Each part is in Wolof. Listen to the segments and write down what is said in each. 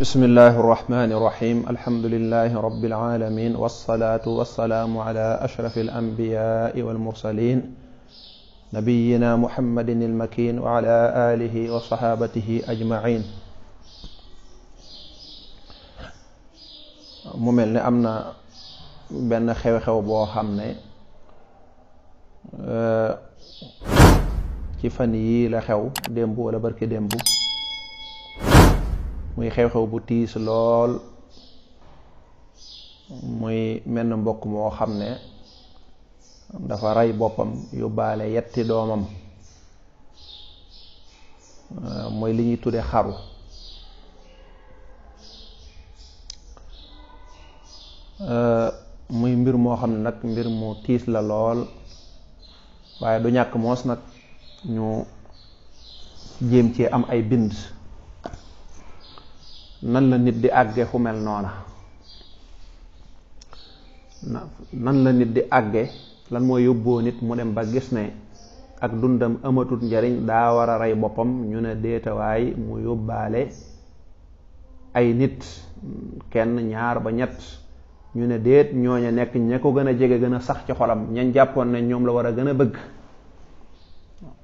بسم الله الرحمن الرحيم الحمد لله رب العالمين والصلاة والسلام على أشرف الأنبياء والمرسلين نبينا محمد المكين وعلى آله وصحابته أجمعين ممل mel بأن am na benn xew-xew boo xam ولا euh, ci fan muy xew-xew bu tiis lool muy menn mbokk moo xam ne dafa ray boppam yóbbaale yetti doomam euh, mooy li ñuy tudde xaru euh, muy mbir moo xam ne nag mbir mu tiis la lool waaye du ñàkk moos nag ñu jéem ci am ay bind nan la nit di àgge fu mel noona nan la nit di àgge lan moo yóbboo nit mu dem ba gis ne ak dundam amatul njariñ daa war a rey boppam ñu ne déetawaay mu yóbbaale ay nit kenn ñaar ba ñett ñu ne déet ñooña nekk ña ko gën a jege gën a sax ci xolam ñañ jàppoon ne ñoom la war a gën a bëgg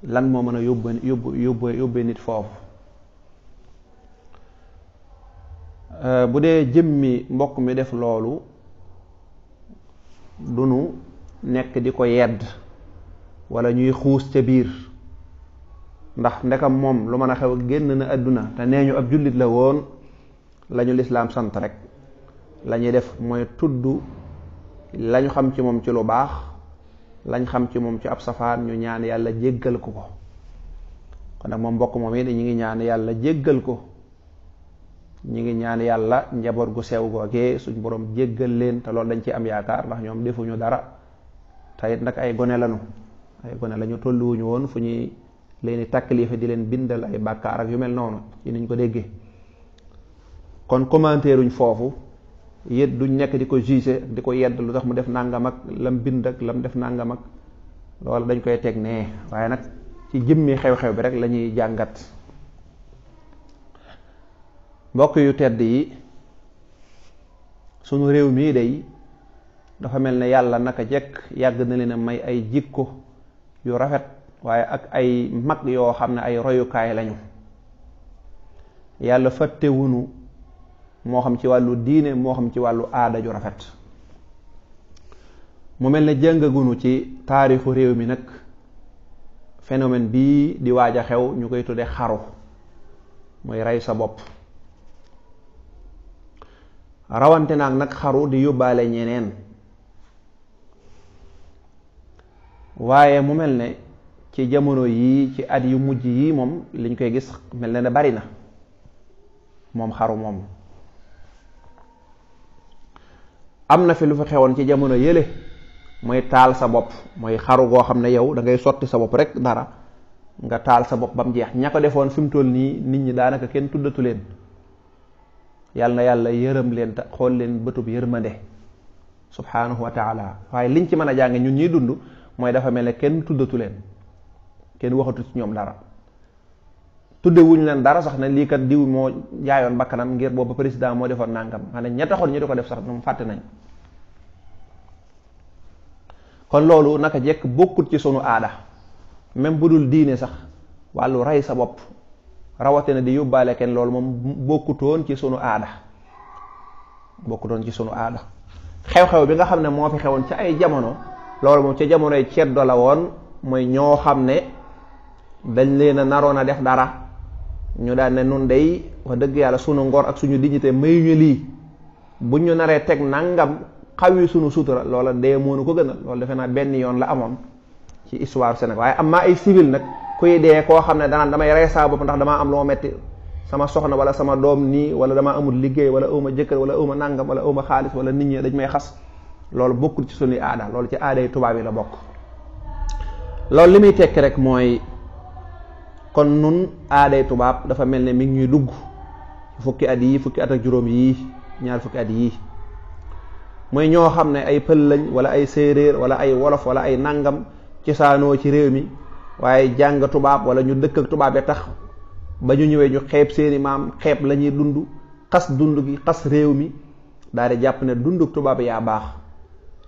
lan moo mën a yóbbu yóbbu yóbbe nit foofu Euh, bu dee jëmmi mbokk mi def loolu du nu nekk di ko yedd walla ñuy xuus ca biir ndax ndekam moom lu mën a xew génn na àdduna te nee ñu ab jullit la woon lañu lislaam sant rek lañuy def mooy tudd lañu xam ci moom ci lu baax lañ xam ci moom ci ab safaan ñu ñaan yàlla jéggal ko ko kon nag moom mbokk moom it ñu ngi ñaan yàlla jéggal ko ñu ngi ñaan yàlla njaboot gu sew googee suñ boroom jéggal leen te loolu dañ ci am yaakaar ndax ñoom defuñu dara te it nag ay gone lañu ay gone lañu tolluwuñu woon fu ñuy leen takkilife di leen bindal ay bàkkaar ak yu mel noonu ci niñ ko déggee kon ruñ foofu yét duñ nekk di ko jugé di ko yedd lu tax mu def nangam ak lam bind ak lam def nangam loolu dañ koy teg nee waaye nag ci jëmmi xew-xew bi rek lañuy jàngat mbokk yu tedd yi sunu réew mii day dafa mel ne yàlla naka jekk yàgg na leen a may ay jikko yu rafet waaye ak ay mag yoo xam ne ay royukaay lañu yàlla fàttewunu moo xam ci wàllu diine moo xam ci wàllu aada ju rafet mu mel ne jëngagunu ci taarixu réew mi nag phénomène bii di waaja xew ñu koy tudde xaru mooy rey sa bopp rawante nak nak xaru di yobale ñeneen waye mu melne ci jamono yi ci at yu mujj yi mom liñ koy gis melne na ne bari na mom xaru mom amna fi lu fa xewon ci jamono yele moy taal sa bop moy xaru go xamne ne yow da ngay sotti sa bop rek dara nga taal sa bop bam jeex ña ni defoon fi mu toll nit ñi daanaka kenn tuddatu Yalla na yalla yeureum len te len leen bëtub subhanahu wa taala way liñ ci mën a jàng ñun ñi dund moy dafa mel kenn tuddatu len kenn waxatu ci ñom dara tudde wuñ len dara sax na li kat diw mo jaayon bakkanam ngir ba président mo defon nangam xana ña taxoon ñu diko def sax num fàtte nañ kon lolu naka jek bokkut ci sunu aada même budul sax walu ray sa bop rawatina di yóbbaale kenn loolu moom bokkutoon ci sunu aada bokkutoon ci sunu aada xew-xew bi nga xam ne moo fi xewoon ca ay jamono loolu moom ca jamonoy ceddo la woon mooy ñoo xam ne dañ leen a naroon a def dara ñu daan ne nun day wax dëgg yàlla sunu ngor ak suñu dignité mayu ñu lii bu ñu naree teg nangam xawi sunu sutura loola dee moonu ko gënal loolu defe naa benn yoon la amoon ci histoire Sénégal waaye am naa ay civil nag kuy dee koo xam ne danaan damay rey saa bopp ndax dama am loo ma metti sama soxna wala sama doom nii wala dama amul liggéey wala awma jëkkër wala awma nàngam wala awma xaalis wala nit ñi dañ may xas loolu bokkul ci sunuy aada loolu ci aada yi yi la bokk loolu li muy tekki rek mooy kon nun aaday tubaab dafa mel ne mi ñuy dugg fukki at yii fukki at ak juróom yii ñaar fukki at mooy ñoo xam ne ay pël lañ wala ay séeréer wala ay wolof wala ay nangam cosaanoo ci réew mi waaye jàng tubaab wala ñu dëkk ak tubaab ya tax ba ñu ñëwee ñu xeeb seeni maam xeeb la ñuy dund xas dund gi xas réew mi daal di jàpp ne dunduk tubaab yaa baax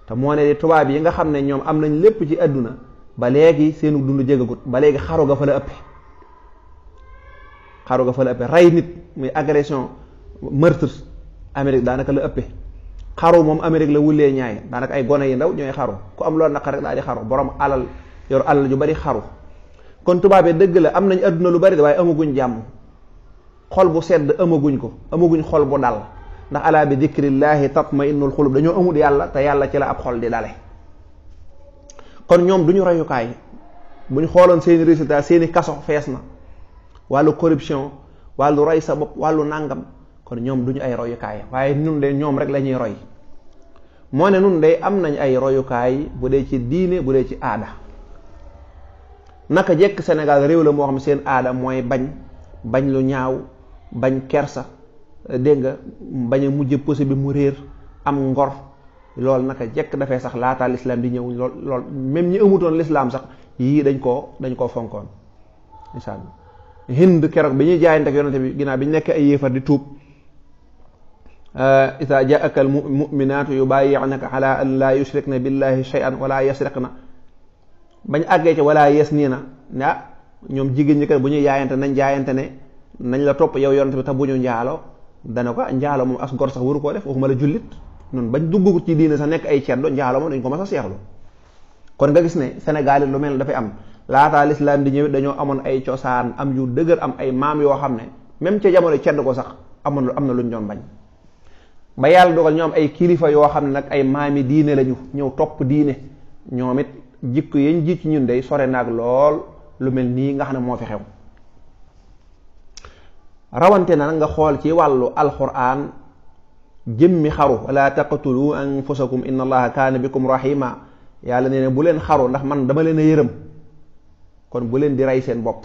te moo ne di tubaab yi nga xam ne ñoom am nañ lépp ci àdduna ba léegi seenu dund jegagut ba léegi xaru ga fa la ëpp xaru ga fa la ëpp rey nit muy agression meurtre Amérique daanaka la ëppee xaru moom Amérique la wulee ñaay daanaka ay gone yi ndaw ñooy xaru ku am loolu naka rek daal di xaru borom alal yor alal yu bari xaru kon tubaabee dëgg la am nañ adduna lu bari waaye amaguñ jàmm xol bu sedd amaguñ ko amaguñ xol bu dal ndax alaa bi dikrillaahi tatma'innul xulub dañoo amul yàlla te yàlla ci la ab xol di dale kon ñoom duñu ñu rayukaay bu ñu xooloon seeni résultat seeni kaso fees na wàllu corruption wàllu roy sa bopp wàllu nàngam kon ñoom du ay royukaay waaye nun de ñoom rek la ñuy roy moo ne nun de am nañ ay royukaay bu dee ci diine bu dee ci aada naka jekk Sénégal réew la moo xam seen aada mooy bañ bañ lu ñaaw bañ kersa dégg nga bañ a mujj posé bi mu réer am ngor lool naka jekk dafay sax laataa lislaam di ñëw lool lool même ñi amutoon lislaam sax yii dañ koo dañ koo fonkoon incha allah hind keroog bi ñuy jaayante ak yonente bi ginnaaw bi ñu nekk ay yéefar di tuub euh, isa jaaka al muminaatu yubayi'naka ala an laa yushrikna billahi shay'an wala na bañ àggee ci wala yees nii na ne ah ñoom jigéen ñi kat bu ñuy yaayante nañ jaayante ne nañ la topp yow yonent bi tax bu ñu njaalo dana ko ah, njaalo moom as gor sax waru koo def waxuma la jullit noonu bañ dugg ci diine sa nekk ay ceddo njaalo moom dañ ko mas a seexlu kon nga gis ne Sénégal lu mel ne dafay am laataa lislaam di ñëw dañoo amoon ay cosaan am yu dëgër am ay maam yoo xam ne même ca jamono cedd ko sax amoon am na luñ doon bañ ba yàlla ay kilifa yoo xam ne nag ay maami diine lañu ñëw topp diine ñoom it jikko yañ ji ci ñun day sore na ak lool lu mel nii nga xam ne moo fi xew rawante na nga xool ci wàllu alxuraan jëmmi xaru wala taqtulu anfusakum inna allaha kaana bikum rahima yàlla nee na bu leen xaru ndax man dama leen a yërëm kon bu leen di rey seen bopp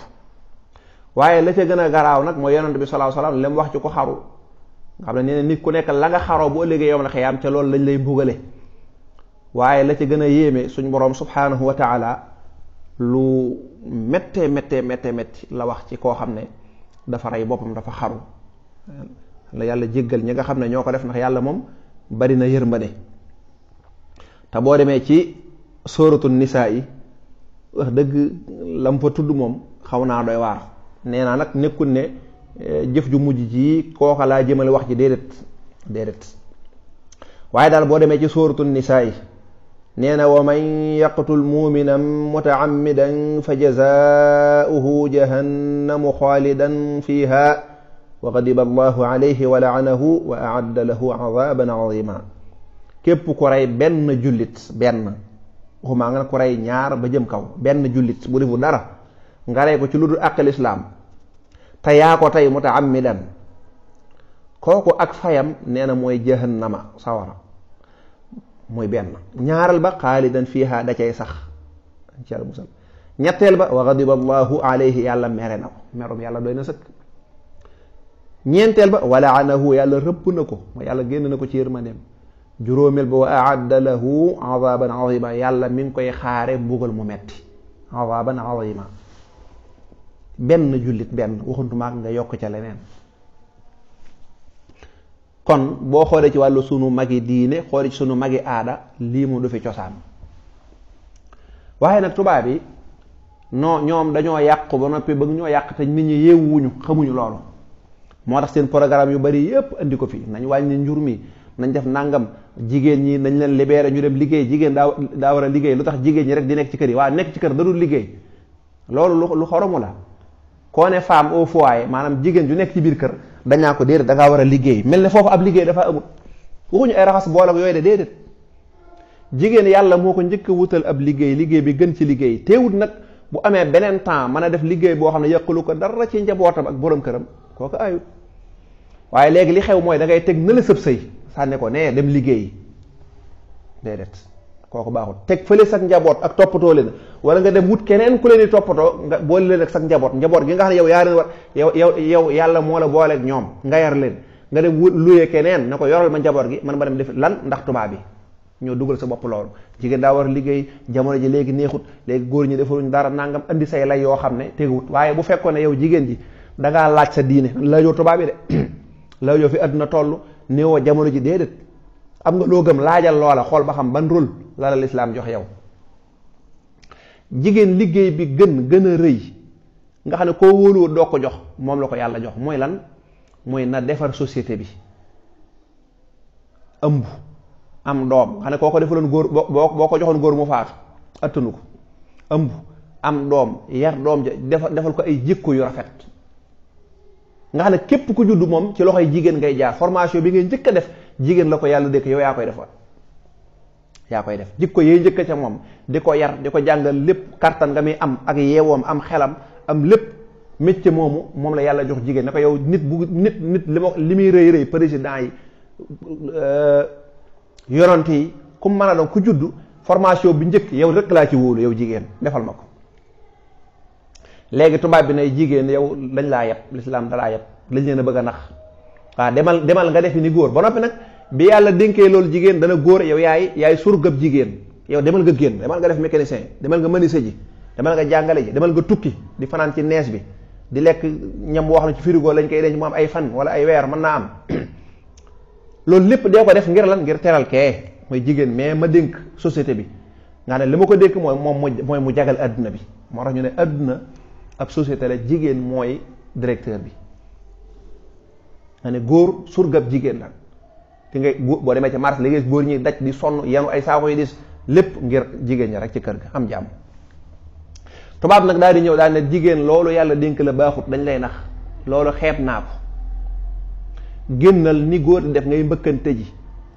waaye la ca gën a garaaw nag mooy yonent bi sallallahu alayhi wasallam li wax ci ko xaru nga xam ne nee nit ku nekk la nga xaroo boo ëllëgee yom la xiyaam ca loolu lañ lay mbugale waaye la ci gën a yéeme suñ boroom subhaanahu wa taala lu méttee méttee méttee la wax ci koo xam ne dafa rey boppam dafa xaru la yàlla jéggal ñi nga xam ne ñoo ko def ndax yàlla moom bari na yërmande te boo demee ci sóoratu nisaa yi wax dëgg lam fa tudd moom xaw naa doy waar nee naa nag nekkul ne eh, jëf ju mujj ji kooka laa jëmale wax ji déedéet déedéet waaye daal boo demee ci sóoratu nisaa yi nee na wa man yaqtul muuminan mutaammidan fa jazauhu jahannamu xaalidan fiiha wa qadiba allahu alayhi wa laanahu wa aadda lahu azaban azima képp ku rey benn jullit benn waxumaa nga ku rey ñaar ba jëm kaw benn jullit bu defu dara nga rey ko ci lu dul àq lislaam te yaa ko ak fayam nee na mooy jahannama sawara muy benn ñaaral ba xaalidan fiiha da sax ñetteel ba wa gadiba allahu yàlla mere na ko merom yàlla doy na sëkk ñeenteel ba wa laanahu yàlla rëbb na ko mooy yàlla génn na ko ci yërmandeem juróomeel ba wa aadda lahu azaban azima yàlla mi koy xaare mbugal mu metti azaban azima benn jullit benn waxuntuma nga yokk ca leneen kon boo xoolee ci wàllu sunu magi diine xoolee ci sunu magi aada lii mu du fi cosaan waxee nag tubaab yi noo ñoom dañoo yàqu ba noppi ba ñoo yàq te nit ñi yeewuñu xamuñu loolu moo tax seen programme yu bari yëpp andi ko fi nañ wàññi njur mi nañ def nangam jigéen ñi nañ leen libéré ñu dem liggéey jigéen daa daa war a liggéey lu tax jigéen ñi rek di nekk ci kër yi waaw nekk ci kër da liggéey loolu lu xoromu la koo ne femme au foyer maanaam jigéen ju nekk ci biir kër dañ ko déedéet da ngaa war a liggéey mel ne foofu ab liggéey dafa amul waxuñu ay raxas bool ak yooyu de déedéet jigéen yàlla moo ko njëkk a wutal ab liggéey liggéey bi gën ci liggéey teewut nag bu amee beneen temps mën a def liggéey boo xam ne yàqulu ko dara ci njabootam ak borom këram kooku ayut waaye léegi li xew mooy da ngay teg na la sëb sëy sànne ko nee dem liggéey déedéet kooku baaxul teg fële sag njaboot ak toppatoo leen wala nga dem wut keneen ku leen toppatoo nga boole leen ak sag njaboot njaboot gi nga xam ne yow yaa leen war yow yow yow yàlla moo la booleek ñoom nga yar leen nga dem wut luyee keneen na ko yoral ma njaboot gi man ma dem def lan ndax tubaab ñoo dugal sa bopp loolu jigéen daa war liggéey jamono ji léegi neexut léegi góor ñi defaruñ dara nangam indi say lay yoo xam ne wut waaye bu fekkoon ne yow jigéen ji dangaa laaj sa diine laajoo tubaab bi de laajoo fi adduna toll néewoo jamono ji déedéet am nga loo gëm laajal loola xool ba xam ban rôle la la lislaam jox yow jigéen liggéey bi gën gën a rëy nga xam ne koo wóoluwoo doo ko jox moom la ko yàlla jox mooy lan mooy na defar société bi ëmb am doom xam ne koo ko defaloon góor boo boo ko joxoon góor mu faatu attanu ko ëmb am doom yar doom ja defal ko ay jikko yu rafet nga xam ne képp ku juddu moom ci loxoy jigéen ngay jaar formation bi ngay njëkk a def jigéen la ko yàlla dëkk yow yaa koy defoon yaa koy def jikko yee njëkk ca moom di ko yar di ko jàngal lépp kartan nga muy am ak yeewoom am xelam am lépp métier moomu moom la yàlla jox jigéen ne ko yow nit bu nit nit li ma li muy rëy rëy président yi euh, yorante yi ku mën a doon ku juddu formation bi njëkk yow rek laa ci wóolu yow jigéen defal ma ko léegi tubaab bi nay jigéen yow lañ laa yab lislaam dalaa yab lañ leen a bëgg a nax waaw demal demal nga defi ni góor ba noppi nag bi yàlla dénkee loolu jigéen dana góor yow yaay yaay surgab jigéen yow demal nga génn demal nga def mécanicien demal nga menuisier ji demal nga jàngale ji demal nga tukki di fanaan ci nees bi di lekk ñam wax na ci frigo lañ koy denc mu am ay fan wala ay weer mën naa am loolu lépp dee ko def ngir lan ngir teral kee mooy jigéen mais ma dénk société bi nga ne li ma ko dékk mooy moom mooy mu jagal adduna bi moo tax ñu ne àdduna ab société la jigéen mooy directeur bi na ne góor surgab jigéen la di ngay boo demee ca marché léegi góor ñi daj di sonn yenu ay saako yi dis lépp ngir jigéen ñi rek ci kër gi am jàmm tubaab nag daal di ñëw daal ne jigéen loolu yàlla dénk la baaxut dañ lay nax loolu xeeb naa ko génnal ni góor di def ngay mbëkkante ji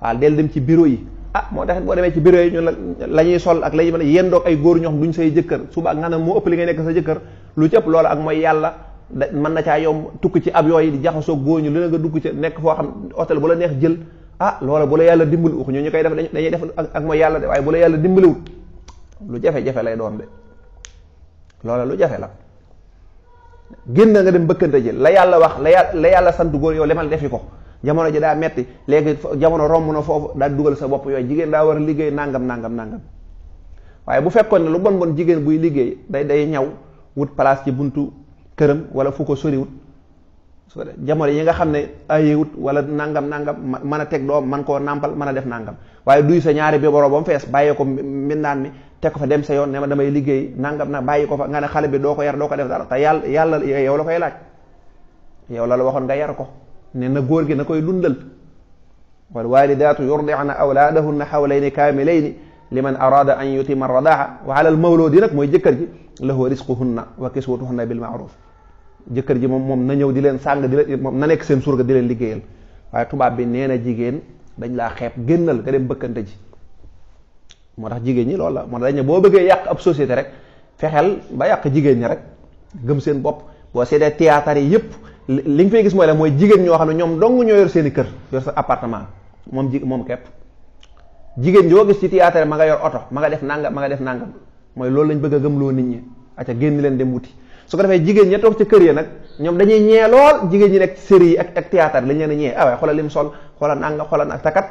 waaw dell dem ci bureau yi ah moo tax boo demee ci bureau yi ñun la ñuy sol ak la ñuy mën a yendoog ay góor ñoo xam duñ say jëkkër suba nga ne moo ëpp li ngay nekk sa jëkkër lu ci ëpp ak mooy yàlla mën na caa yomb tukk ci ab yooyu jaxasoo góoñu lu ne dugg ci nekk foo xam otel bu la neex jël ah loola bu la yàlla dimbali wax ñoo ñu koy def dañuy def ak mooy yàlla de waaye bu la yàlla lu jafe-jafe lay doon de loola lu jafe la génn nga dem bëkkante ji la yàlla wax la yàlla la yàlla sant góor yow lemal defi ko jamono ji daa metti léegi jamono romb na foofu daa dugal sa bopp yooyu jigéen daa war a liggéey nangam nangam nangam waaye bu fekkoon ne lu bon bon jigéen buy liggéey day day ñaw wut place ci buntu kërëm wala fu ko soriwut jamono yi nga xam ne ayewut wala nangam nangam mën a teg doom man koo nàmpal mën a def nangam waaye duy sa ñaari bi boroo ba mu fees bàyyee ko mbindaan mi teg ko fa dem sa yoon ne ma damay liggéey nangam na bàyyi ko fa nga ne xale bi doo ko yar doo ko def dara te yàlla yàlla yow la koy laaj yow la la waxoon nga yar ko ne na góor gi na koy dundal wal walidatu yurdi'na awlaadahunna hawlayni kaamilayni liman arada an yutima radaaxa wa ala al mawludi nak moy jeukar ji lahu rizquhunna wa kiswatuhunna bil ma'ruf jëkkër ji moom moom na ñëw di leen sàng di leen moom na nekk seen surga di leen liggéeyal waaye tubaab bi nee na jigéen dañ laa xeeb génnal nga dem bëkkante ji moo tax jigéen ñi loolu la moo tax dañ ne boo bëggee yàq ab société rek fexeel ba yàq jigéen ñi rek gëm seen bopp boo seetee théâtre yi yëpp li ñu fay gis mooy la mooy jigéen ñoo xam ne ñoom dong ñoo yor seen i kër yor sa appartement moom ji moom kepp jigéen ñoo gis ci théâtre ma nga yor oto ma nga def nangam ma nga def nangam mooy loolu lañ bëgg a gëm loo nit ñi acca génn leen dem wuti su ko defee jigéen ña toog ci kër yi nag ñoom dañuy ñee lool jigéen ñi nekk ci série yi ak ak théâtre lañ leen a ñee ah waaye sol lim sol xoolal nanga xoolal ak takat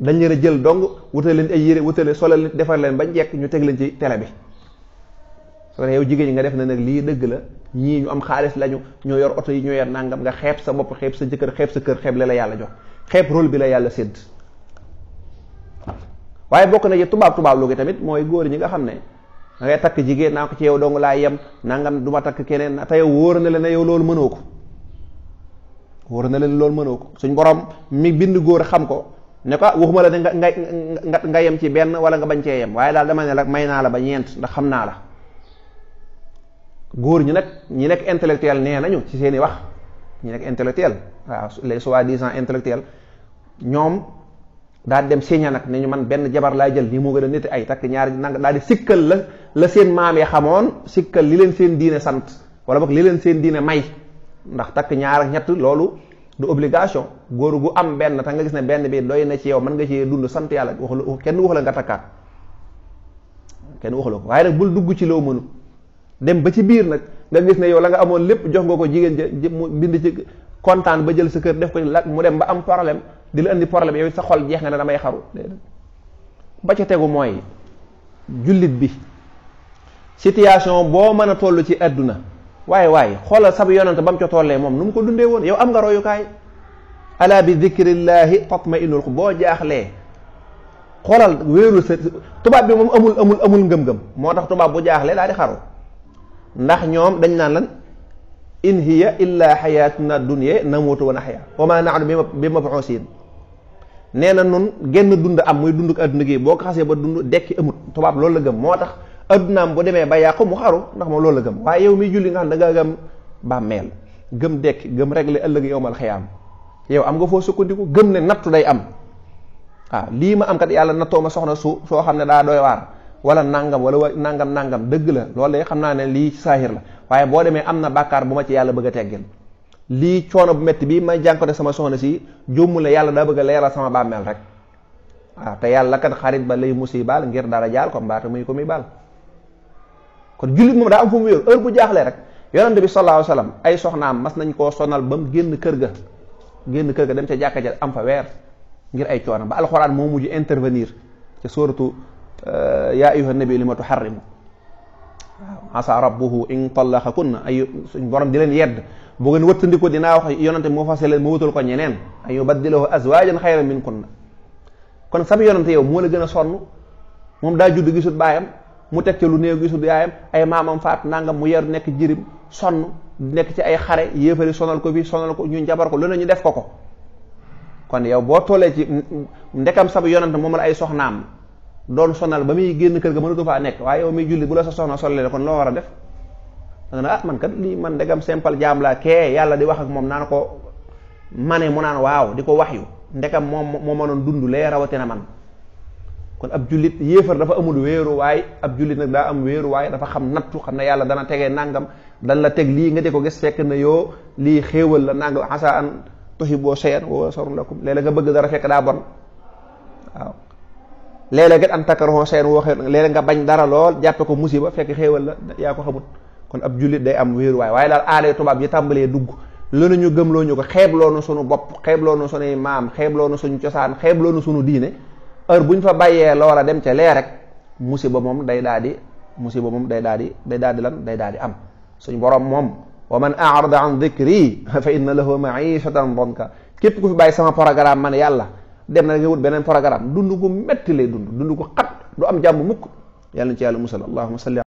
dañ leen a jël dong wutal leen ay yére wutale solal defar leen bañ jekk ñu teg leen ci télé bi su ko defee yow jigéen ñi nga def na nag lii dëgg la ñii ñu am xaalis lañu ñoo yor oto yi ñoo yor nangam nga xeeb sa bopp xeeb sa jëkkër xeeb sa kër xeeb la la yàlla jox xeep rôle bi la yàlla sédd waaye bokk na ci tubaab tubaab lu tamit mooy góor ñi nga xam ne da takk jigéen naa ko ci yow dong laa yem nangam du ma takk keneen te yow wóor na la ne yow loolu mënoo ko wóor na la ne loolu mënoo ko suñ borom mi bind góor xam ko ne ko ah, waxuma la ne nga nga nga yem ci benn wala nga bañ cee yem waaye daal dama ne may naa la ba ñeent ndax xam naa la góor ñi nag ñi nekk intellectuel nee nañu ci seen i wax ñu nekk intellectuel waaw les soi-disant intellectuel ñoom daal dem signé nag ne ñu man benn jabar laay jël nii moo gën a nit ay takk ñaar nang daal di sikkal la la seen maam yi xamoon sikkal li leen seen diine sant wala boog li leen seen diine may ndax takk ñaar ak ñett loolu du obligation góor gu am benn te nga gis ne benn bi doy na ci yow man nga ci dund sant yàlla waxu kenn wax la nga takkaat la ko waaye nag bul dugg ci loo mënu dem ba ci biir nag nga gis ne yow la nga amoon lépp jox nga ko jigéen ja mu bind ci kontaan ba jël sa kër def ko la mu dem ba am problème di la indi problème yow sa xol jeex nga ne damay xaru ba ca tegu mooy jullit bi situation boo mën a toll ci àdduna waaye waaye xoolal sab yonante ba mu ca tollee moom nu mu ko dundee woon yow am nga royukaay ala bi dikrillaahi tatmainul xub boo jaaxlee xoolal wéeru sa tubaab bi moom amul amul amul ngëm-ngëm moo tax tubaab bu jaaxlee daal di xaru ndax ñoom dañ naan lan in hiya illa xayaatuna dunya namuutu wa naxya wa maa naxnu bi mabxuusiin nee na nun genn dund am muy dund ak adduna gi boo ko xasee ba dund dekki amut tubaab lool la gëm moo tax addunaam bu demee ba yàqu mu xaru ndax moom lool la gëm waaye yow miy julli nga xam da ngaa gëm bàmmeel gëm dekki gëm réglé ëllëg yowmal xiyaam yow am nga foo sukkandiku gëm ne nattu day am waaw lii ma am yàlla nattoo ma soxna su soo xam ne daa dooy waar wala nangam wala nangam nangam dëgg la lool de xam naa ne lii saahir la waaye boo demee am na bàkkaar bu ma ci yàlla bëgg a teggil lii coono bu métti bi may jànkote sama soxna si jommu la yàlla daa bëgg a leeral sama bàmmeel rek waaw te yàlla kat xarit ba lay musi baal ngir dara jaal ko mbaata muy ko muy baal kon jullit moom daa am fu mu wéeru bu jaaxlee rek yonente bi sallallahu alayhi wasallam ay soxnaam mas nañ koo sonal ba mu génn kër ga génn kër ga dem ca jàkka ja am fa weer ngir ay coono ba alxuraan moo intervenir yaa ayyuha nabi li ma tuharrimu waaw asa rabbuhu in na ay suñ borom di leen yedd bu ngeen wëttandiku dinaa wax yonante moo fase leen ma wutal ko ñeneen an yubaddilahu azwajan xayran min kunna kon sam yonante yow moo la gën a sonn moom daa juddu gisut baayam mu teg ca lu néew gisut yaayam ay maamam faat nangam mu yaru nekk jirim sonn nekk ci ay xare yéefari sonal ko bi sonal ko ñu njabar ko lu ne ñu def ko ko kon yow boo tollee ci ndekam sab yonante moom la ay soxnaam doon sonal ba muy génn kër ga mënatu faa nekk waaye yow muy julli bu la sa soxna sollee kon loo war a def da ah, man kat lii man degam simple jaam laa kee yàlla di wax ak moom naan ko mane mu naan waaw di ko wax yu ndekam moom moo mënoon dund lee rawatina man kon ab jullit yéefar dafa amul wéeruwaay ab jullit nag daa am wéeruwaay dafa xam nattu xam ne yàlla dana tegee nangam dan la teg lii nga di ko gis fekk na yoo lii xéewal la nangam xasa an tuhibu shay'an wa sarun lakum léeg nga bëgg dara fekk daa bon léeg-léeg it an takaroo seen woo xeer léeg-léeg nga bañ dara lool jàppe ko musiba fekk xéewal la yaa ko xamut kon ab jullit day am wéeruwaay waaye daal aaday tubaab yi tàmbalee dugg loolu ñu gëmloo ñu ko xeebloo na sunu bopp xeebloo na sunuy maam xeebloo na suñu cosaan xeebloo na sunu diine heure bu ñu fa bàyyee loola dem ca lee rek musiba moom day daal di musiba moom day daal di day daal di lan day daal di am suñ borom moom wa man aarada an dikri fa inna lahu maishatan donka képp ku fi bàyyi sama programme man yàlla dem na nga wut beneen programme dund gu metti lay dund dund ko xat du am jàmm mukk yàlla na ci yàlla musal allahuma salli